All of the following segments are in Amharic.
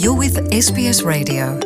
You're with SBS Radio.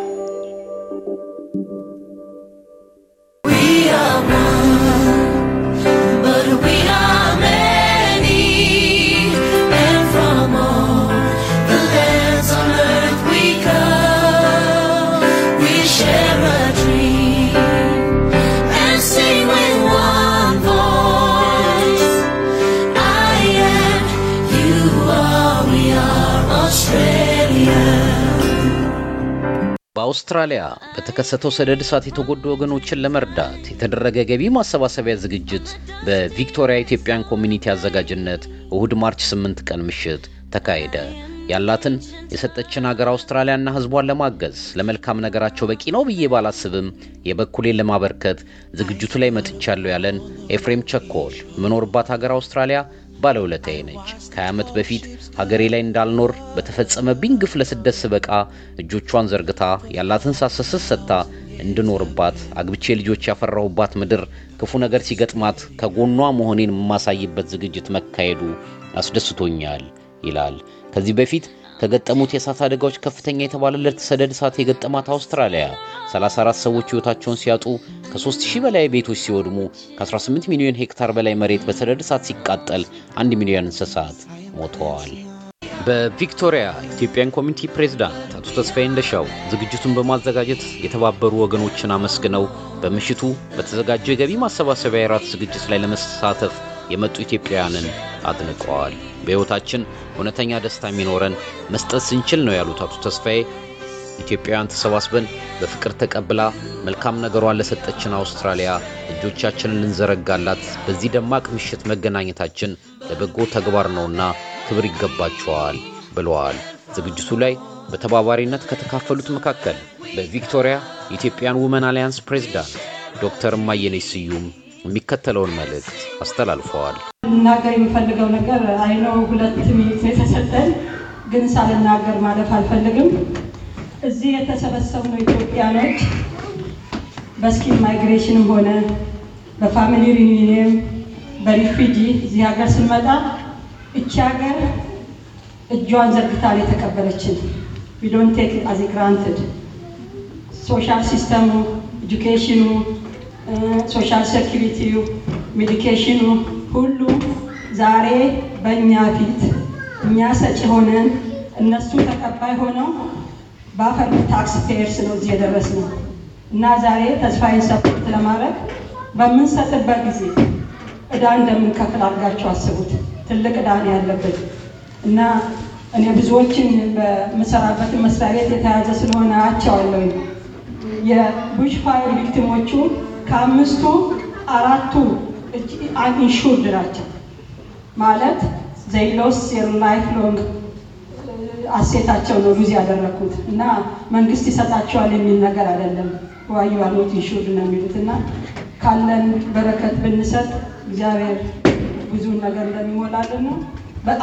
በአውስትራሊያ በተከሰተው ሰደድ እሳት የተጎዱ ወገኖችን ለመርዳት የተደረገ ገቢ ማሰባሰቢያ ዝግጅት በቪክቶሪያ ኢትዮጵያን ኮሚኒቲ አዘጋጅነት እሁድ ማርች 8 ቀን ምሽት ተካሄደ። ያላትን የሰጠችን ሀገር አውስትራሊያና ሕዝቧን ለማገዝ ለመልካም ነገራቸው በቂ ነው ብዬ ባላስብም የበኩሌን ለማበርከት ዝግጅቱ ላይ መጥቻለሁ ያለን ኤፍሬም ቸኮል የምኖርባት ሀገር አውስትራሊያ ባለውለታዬ ነች። ከዓመት በፊት ሀገሬ ላይ እንዳልኖር በተፈጸመብኝ ግፍ ለስደት ስበቃ እጆቿን ዘርግታ ያላትን ሳሰስስ ሰጥታ እንድኖርባት አግብቼ ልጆች ያፈራሁባት ምድር ክፉ ነገር ሲገጥማት ከጎኗ መሆኔን የማሳይበት ዝግጅት መካሄዱ አስደስቶኛል ይላል። ከዚህ በፊት ከገጠሙት የእሳት አደጋዎች ከፍተኛ የተባለለት ሰደድ እሳት የገጠማት አውስትራሊያ 34 ሰዎች ሕይወታቸውን ሲያጡ ከ3000 በላይ ቤቶች ሲወድሙ ከ18 ሚሊዮን ሄክታር በላይ መሬት በሰደድ እሳት ሲቃጠል 1 ሚሊዮን እንስሳት ሞተዋል። በቪክቶሪያ ኢትዮጵያን ኮሚኒቲ ፕሬዝዳንት አቶ ተስፋዬ እንደሻው ዝግጅቱን በማዘጋጀት የተባበሩ ወገኖችን አመስግነው በምሽቱ በተዘጋጀ የገቢ ማሰባሰቢያ የራት ዝግጅት ላይ ለመሳተፍ የመጡ ኢትዮጵያውያንን አድንቀዋል። በሕይወታችን እውነተኛ ደስታ የሚኖረን መስጠት ስንችል ነው ያሉት አቶ ተስፋዬ ኢትዮጵያውያን ተሰባስበን በፍቅር ተቀብላ መልካም ነገሯን ለሰጠችን አውስትራሊያ እጆቻችንን ልንዘረጋላት በዚህ ደማቅ ምሽት መገናኘታችን ለበጎ ተግባር ነውና ክብር ይገባቸዋል ብለዋል። ዝግጅቱ ላይ በተባባሪነት ከተካፈሉት መካከል በቪክቶሪያ ኢትዮጵያን ውመን አሊያንስ ፕሬዝዳንት ዶክተር እማየነች ስዩም የሚከተለውን መልእክት አስተላልፈዋል። ልናገር የሚፈልገው ነገር አይነው ሁለት ሚኒት የተሰጠን ግን ሳልናገር ማለፍ አልፈልግም። እዚህ የተሰበሰቡ ኢትዮጵያኖች በስኪል ማይግሬሽንም ሆነ በፋሚሊ ሪዩኒየን በሪፊጂ እዚህ ሀገር ስንመጣ እቺ ሀገር እጇን ዘርግታ ላይ የተቀበለችን ዊ ዶንት ቴክ አዚ ግራንትድ ሶሻል ሲስተሙ፣ ኤጁኬሽኑ፣ ሶሻል ሴኪሪቲው፣ ሜዲኬሽኑ ሁሉ ዛሬ በእኛ ፊት እኛ ሰጪ ሆነን እነሱ ተቀባይ ሆነው በአፈር ታክስ ፔየርስ ነው እዚህ የደረስነው እና ዛሬ ተስፋዬ ሰፖርት ለማድረግ በምንሰጥበት ጊዜ እዳ እንደምንከፍል አድርጋችሁ አስቡት። ትልቅ እዳ ነው ያለበት እና እኔ ብዙዎችን በምሰራበት መስሪያ ቤት የተያዘ ስለሆነ አቸዋለሁ። የቡሽ ፋየር ቪክቲሞቹ ከአምስቱ አራቱ ኢንሹርድ ናቸው ማለት ዘይሎስ የር ላይፍ ሎንግ አሴታቸው ነው ሉዝ ያደረግኩት እና መንግስት ይሰጣቸዋል የሚል ነገር አይደለም። ዋዩ አልሞት ነው የሚሉት እና ካለን በረከት ብንሰጥ እግዚአብሔር ብዙ ነገር እንደሚሞላልን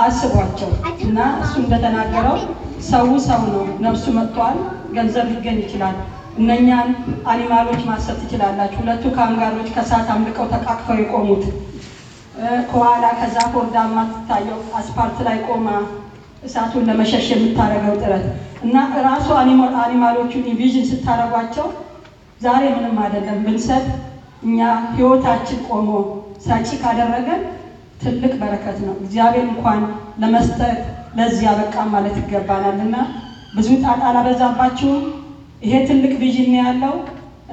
አስቧቸው እና እሱ እንደተናገረው ሰው ሰው ነው፣ ነፍሱ መጥቷል፣ ገንዘብ ሊገኝ ይችላል። እነኛን አኒማሎች ማሰብ ትችላላችሁ። ሁለቱ ካንጋሮች ከሰዓት አምልቀው ተቃቅፈው የቆሙት ከኋላ ከዛፍ ወርዳ ትታየው አስፓልት ላይ ቆማ እሳቱን ለመሸሽ የምታደርገው ጥረት እና ራሱ አኒማሎቹን ኢንቪዥን ስታደርጓቸው ዛሬ ምንም አይደለም ብንሰጥ እኛ ህይወታችን ቆሞ ሰጪ ካደረገን ትልቅ በረከት ነው። እግዚአብሔር እንኳን ለመስጠት ለዚያ በቃ ማለት ይገባናል እና ብዙ ጣጣ አላበዛባችሁም። ይሄ ትልቅ ቪዥን ያለው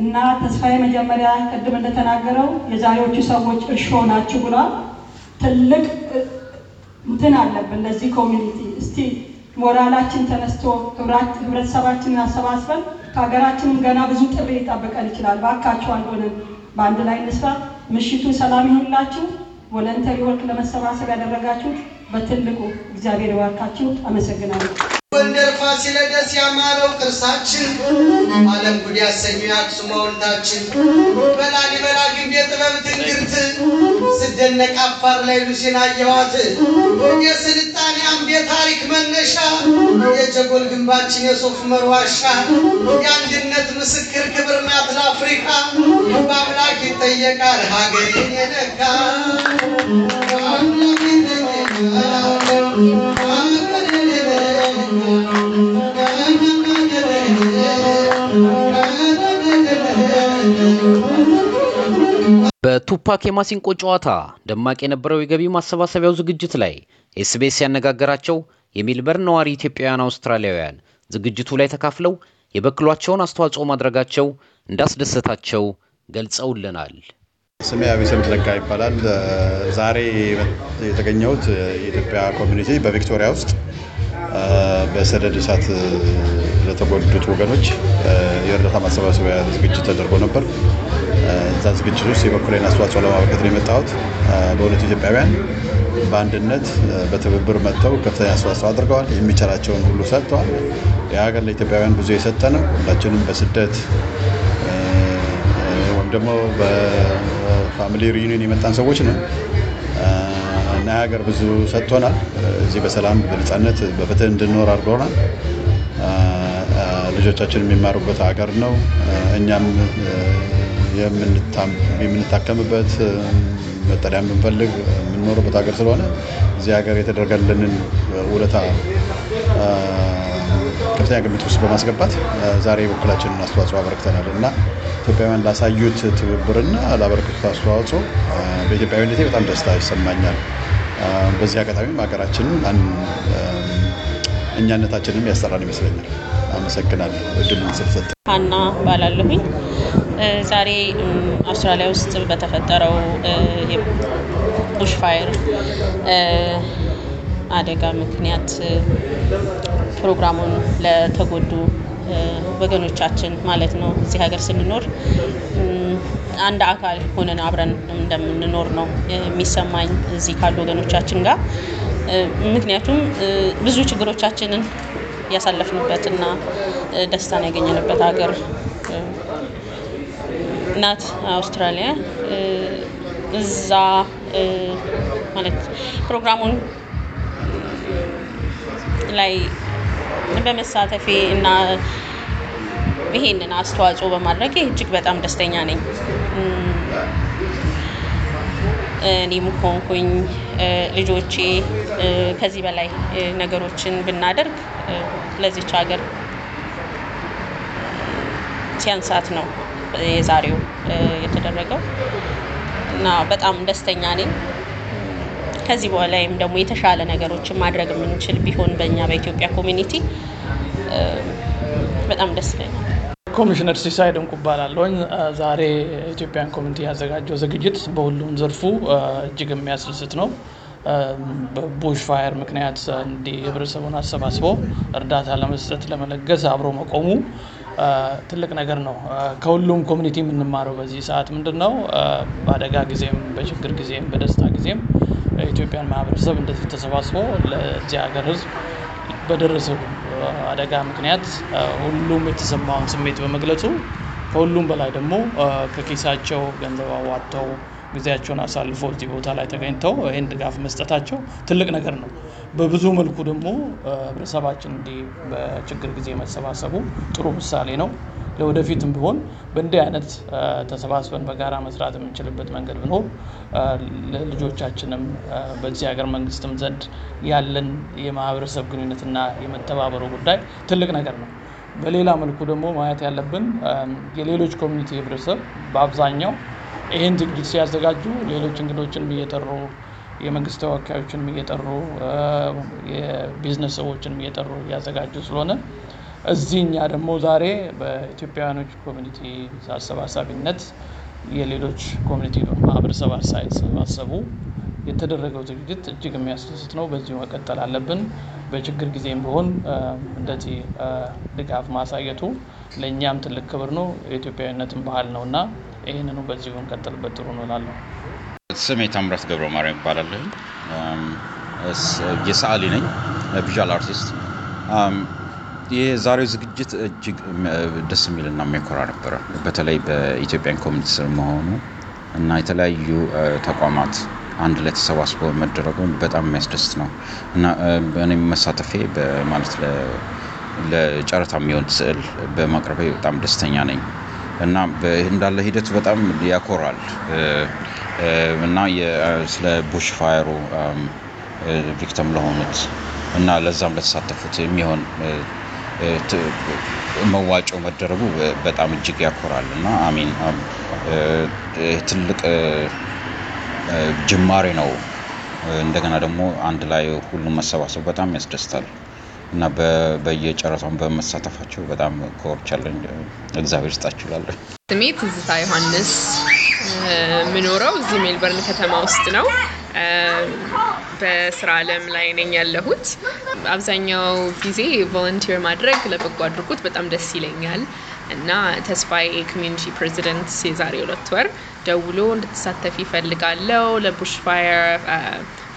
እና ተስፋዬ መጀመሪያ ቅድም እንደተናገረው የዛሬዎቹ ሰዎች እርሾ ናችሁ ብሏል። ትልቅ እንትን አለብን ለዚህ ኮሚኒቲ እስቲ ሞራላችን ተነስቶ ህብረተሰባችንን አሰባስበን ከሀገራችንም ገና ብዙ ጥሪ ሊጠበቀን ይችላል። ባካችሁ አልሆነን በአንድ ላይ እንስራ። ምሽቱ ሰላም ይሁንላችሁ። ቮለንተሪ ወርክ ለመሰባሰብ ያደረጋችሁ በትልቁ እግዚአብሔር ይባርካችሁ። አመሰግናለሁ። ፋሲለደስ ያማረው ጥርሳችን ዓለም ጉድ ያሰኙ የአክሱም ሐውልታችን በላሊበላ ግንብ የጥበብ ትንግርት ስደነቅ አፋር ላይ ሉሲን አየኋት የስልጣኔ አምድ የታሪክ መነሻ የጀጎል ግንባችን የሶፍ ዑመር ዋሻ የአንድነት ምስክር ክብር ናት ለአፍሪካ በአምላክ ይጠየቃል ሀገሬን የነካ በቱፓክ የማሲንቆ ጨዋታ ደማቅ የነበረው የገቢ ማሰባሰቢያው ዝግጅት ላይ ኤስቢኤስ ያነጋገራቸው የሜልበርን ነዋሪ ኢትዮጵያውያን አውስትራሊያውያን ዝግጅቱ ላይ ተካፍለው የበክሏቸውን አስተዋጽኦ ማድረጋቸው እንዳስደሰታቸው ገልጸውልናል። ስሜ አቤሰም ትለጋ ይባላል። ዛሬ የተገኘሁት የኢትዮጵያ ኮሚኒቲ በቪክቶሪያ ውስጥ በሰደድ እሳት ለተጎዱት ወገኖች የእርዳታ ማሰባሰቢያ ዝግጅት ተደርጎ ነበር። እዛ ዝግጅት ውስጥ የበኩሌን አስተዋጽኦ ለማበርከት ነው የመጣሁት። በሁለቱ ኢትዮጵያውያን በአንድነት በትብብር መጥተው ከፍተኛ አስተዋጽኦ አድርገዋል። የሚቻላቸውን ሁሉ ሰጥተዋል። የሀገር ለኢትዮጵያውያን ብዙ የሰጠ ነው። ሁላችንም በስደት ወይም ደግሞ በፋሚሊ ሪዩኒየን የመጣን ሰዎች ነው እና የሀገር ብዙ ሰጥቶናል። እዚህ በሰላም በነፃነት በፍትህ እንድንኖር አድርገውናል። ልጆቻችን የሚማሩበት ሀገር ነው። እኛም የምንታከምበት መጠለያ የምንፈልግ የምንኖርበት ሀገር ስለሆነ እዚህ ሀገር የተደረገልንን ውለታ ከፍተኛ ግምት ውስጥ በማስገባት ዛሬ በኩላችንን አስተዋጽኦ አበረክተናል እና ኢትዮጵያውያን ላሳዩት ትብብርና ላበረከቱት አስተዋጽኦ በኢትዮጵያዊነቴ በጣም ደስታ ይሰማኛል። በዚህ አጋጣሚም ሀገራችንን እኛነታችንም ያሰራን ይመስለኛል። አመሰግናለሁ እድሉን ስለሰጠ። ሀና ባላለሁኝ ዛሬ አውስትራሊያ ውስጥ በተፈጠረው ቡሽፋየር አደጋ ምክንያት ፕሮግራሙን ለተጎዱ ወገኖቻችን ማለት ነው። እዚህ ሀገር ስንኖር አንድ አካል ሆነን አብረን እንደምንኖር ነው የሚሰማኝ እዚህ ካሉ ወገኖቻችን ጋር። ምክንያቱም ብዙ ችግሮቻችንን ያሳለፍንበት እና ደስታን ያገኘንበት ሀገር ናት አውስትራሊያ። እዛ ማለት ፕሮግራሙን ላይ በመሳተፌ እና ይሄንን አስተዋጽኦ በማድረግ እጅግ በጣም ደስተኛ ነኝ። እኔም ሆንኩኝ ልጆቼ ከዚህ በላይ ነገሮችን ብናደርግ ለዚች ሀገር ሲያንሳት ነው። የዛሬው የተደረገው እና በጣም ደስተኛ ነኝ። ከዚህ በኋላይም ደግሞ የተሻለ ነገሮችን ማድረግ የምንችል ቢሆን በእኛ በኢትዮጵያ ኮሚኒቲ በጣም ደስ ይለኛል። ኮሚሽነር ሲሳይ ድንቁ ዛሬ ኢትዮጵያን ኮሚኒቲ ያዘጋጀው ዝግጅት በሁሉም ዘርፉ እጅግ የሚያስደስት ነው። በቡሽ ፋየር ምክንያት እንዲህ ህብረተሰቡን አሰባስቦ እርዳታ ለመስጠት ለመለገስ አብሮ መቆሙ ትልቅ ነገር ነው። ከሁሉም ኮሚኒቲ የምንማረው በዚህ ሰዓት ምንድን ነው፣ በአደጋ ጊዜም፣ በችግር ጊዜም፣ በደስታ ጊዜም የኢትዮጵያን ማህበረሰብ እንደዚህ ተሰባስቦ ለዚህ ሀገር ህዝብ በደረሰው አደጋ ምክንያት ሁሉም የተሰማውን ስሜት በመግለጹ ከሁሉም በላይ ደግሞ ከኪሳቸው ገንዘብ አዋጥተው ጊዜያቸውን አሳልፎ እዚህ ቦታ ላይ ተገኝተው ይህን ድጋፍ መስጠታቸው ትልቅ ነገር ነው። በብዙ መልኩ ደግሞ ህብረተሰባችን እንዲህ በችግር ጊዜ መሰባሰቡ ጥሩ ምሳሌ ነው። ለወደፊትም ቢሆን በእንዲህ አይነት ተሰባስበን በጋራ መስራት የምንችልበት መንገድ ቢኖር ለልጆቻችንም በዚህ ሀገር መንግስትም ዘንድ ያለን የማህበረሰብ ግንኙነትና የመተባበሩ ጉዳይ ትልቅ ነገር ነው። በሌላ መልኩ ደግሞ ማየት ያለብን የሌሎች ኮሚኒቲ ህብረተሰብ በአብዛኛው ይህን ዝግጅት ሲያዘጋጁ ሌሎች እንግዶችን እየጠሩ የመንግስት ተወካዮችንም እየጠሩ የቢዝነስ ሰዎችንም እየጠሩ እያዘጋጁ ስለሆነ እዚህ እኛ ደግሞ ዛሬ በኢትዮጵያውያኖች ኮሚኒቲ አሰባሳቢነት የሌሎች ኮሚኒቲ ማህበረሰብ ሳይሰባሰቡ የተደረገው ዝግጅት እጅግ የሚያስደስት ነው። በዚሁ መቀጠል አለብን። በችግር ጊዜም ቢሆን እንደዚህ ድጋፍ ማሳየቱ ለእኛም ትልቅ ክብር ነው፣ የኢትዮጵያዊነትን ባህል ነው እና ይህንኑ በዚሁ እንቀጥልበት ጥሩ ነው ስሜ ታምራት ገብረ ማርያም ይባላለሁ። የሰዓሊ ነኝ፣ ቪዥዋል አርቲስት። የዛሬው ዝግጅት እጅግ ደስ የሚልና የሚያኮራ ነበረ። በተለይ በኢትዮጵያን ኮሚኒቲ ስር መሆኑ እና የተለያዩ ተቋማት አንድ ላይ ተሰባስበው መደረጉ በጣም የሚያስደስት ነው እና እኔም መሳተፌ ማለት ለጨረታ የሚሆን ስዕል በማቅረቤ በጣም ደስተኛ ነኝ እና እንዳለ ሂደቱ በጣም ያኮራል። እና ስለ ቡሽ ፋየሩ ቪክተም ለሆኑት እና ለዛም ለተሳተፉት የሚሆን መዋጮ መደረጉ በጣም እጅግ ያኮራል እና አሚን ትልቅ ጅማሬ ነው። እንደገና ደግሞ አንድ ላይ ሁሉም መሰባሰቡ በጣም ያስደስታል እና በየጨረታውን በመሳተፋቸው በጣም ኮርቻለን። እግዚአብሔር ይስጣችኋል። ስሜ ትዝታ ዮሐንስ የምኖረው እዚህ ሜልበርን ከተማ ውስጥ ነው። በስራ አለም ላይ ነኝ ያለሁት። አብዛኛው ጊዜ ቮለንቲር ማድረግ ለበጎ አድርጎት በጣም ደስ ይለኛል እና ተስፋዬ ኮሚኒቲ ፕሬዚደንት የዛሬ ሁለት ወር ደውሎ እንድትሳተፍ ይፈልጋለው ለቡሽፋየር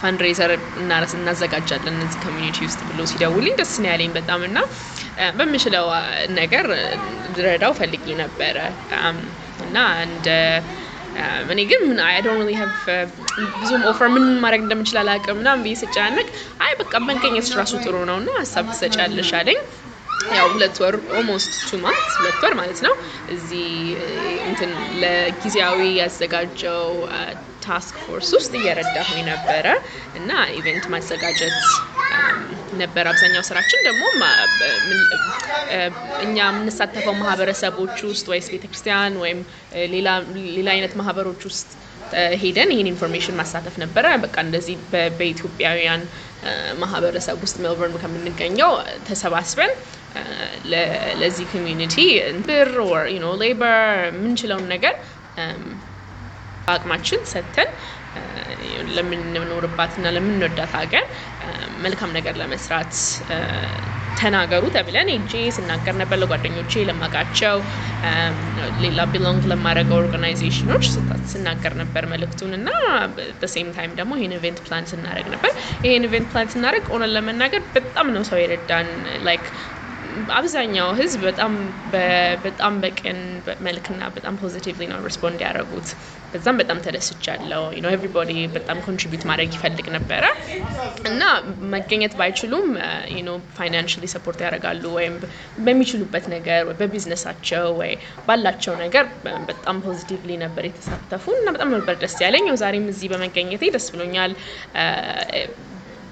ፋንድሬዘር እናዘጋጃለን እዚህ ኮሚኒቲ ውስጥ ብሎ ሲደውልኝ ደስ ነው ያለኝ በጣም እና በምችለው ነገር ልረዳው ፈልጌ ነበረ እና እንደ እኔ ግን ምን አይ ዶንት ሪሊ ሃቭ ብዙም ኦፈር ምን ማድረግ እንደምችል አላውቅም ምናምን ብዬ ስጨናነቅ አይ በቃ መገኘት ራሱ ጥሩ ነው እና ሀሳብ ትሰጫለሽ አለኝ። ያው ሁለት ወር ኦልሞስት ቱ ማንት ሁለት ወር ማለት ነው። እዚህ uh, እንትን ለጊዜያዊ ያዘጋጀው ታስክ uh, ፎርስ ውስጥ እየረዳሁኝ ነበረ እና ኢቨንት ማዘጋጀት ነበር አብዛኛው ስራችን። ደግሞ እኛ የምንሳተፈው ማህበረሰቦች ውስጥ ወይስ ቤተክርስቲያን ወይም ሌላ አይነት ማህበሮች ውስጥ ሄደን ይህን ኢንፎርሜሽን ማሳተፍ ነበረ። በቃ እንደዚህ በኢትዮጵያውያን ማህበረሰብ ውስጥ ሜልበርን ከምንገኘው ተሰባስበን ለዚህ ኮሚኒቲ ብር ሌበር የምንችለውን ነገር አቅማችን ሰጥተን ለምንኖርባትና ለምንወዳት ሀገር መልካም ነገር ለመስራት ተናገሩ ተብለን እጄ ስናገር ነበር። ለጓደኞቼ ለማቃቸው ሌላ ቢሎንግ ለማድረገው ኦርጋናይዜሽኖች ስናገር ነበር መልእክቱን እና በሴም ታይም ደግሞ ይህን ኢቨንት ፕላን ስናደረግ ነበር። ይህን ኢቨንት ፕላን ስናደረግ ሆነን ለመናገር በጣም ነው ሰው የረዳን ላይክ አብዛኛው ህዝብ በጣም በጣም በቅን መልክና በጣም ፖዚቲቭሊ ነው ሪስፖንድ ያደረጉት። በዛም በጣም ተደስቻለሁ። ዩ ኖ በጣም ኮንትሪቢዩት ማድረግ ይፈልግ ነበረ እና መገኘት ባይችሉም ዩ ኖ ፋይናንሽሊ ሰፖርት ያደርጋሉ ወይም በሚችሉበት ነገር ወይ በቢዝነሳቸው ወይ ባላቸው ነገር በጣም ፖዚቲቭሊ ነበር የተሳተፉ እና በጣም ነበር ደስ ያለኝ። ዛሬም እዚህ በመገኘቴ ደስ ብሎኛል። uh,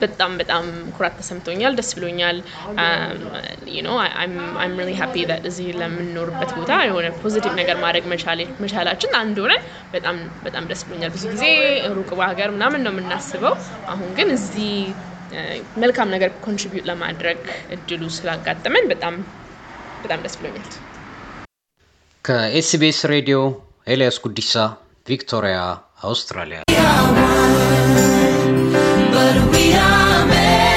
በጣም በጣም ኩራት ተሰምቶኛል፣ ደስ ብሎኛል። አይም ሪሊ ሃፒ እዚህ ለምንኖርበት ቦታ የሆነ ፖዚቲቭ ነገር ማድረግ መቻላችን አንድ ሆነ በጣም በጣም ደስ ብሎኛል። ብዙ ጊዜ ሩቅ ሀገር ምናምን ነው የምናስበው። አሁን ግን እዚህ uh, መልካም ነገር ኮንትሪቢዩት ለማድረግ እድሉ ስላጋጠመን በጣም በጣም ደስ ብሎኛል። ከኤስቢኤስ ሬዲዮ ኤልያስ ጉዲሳ ቪክቶሪያ፣ አውስትራሊያ but we are men.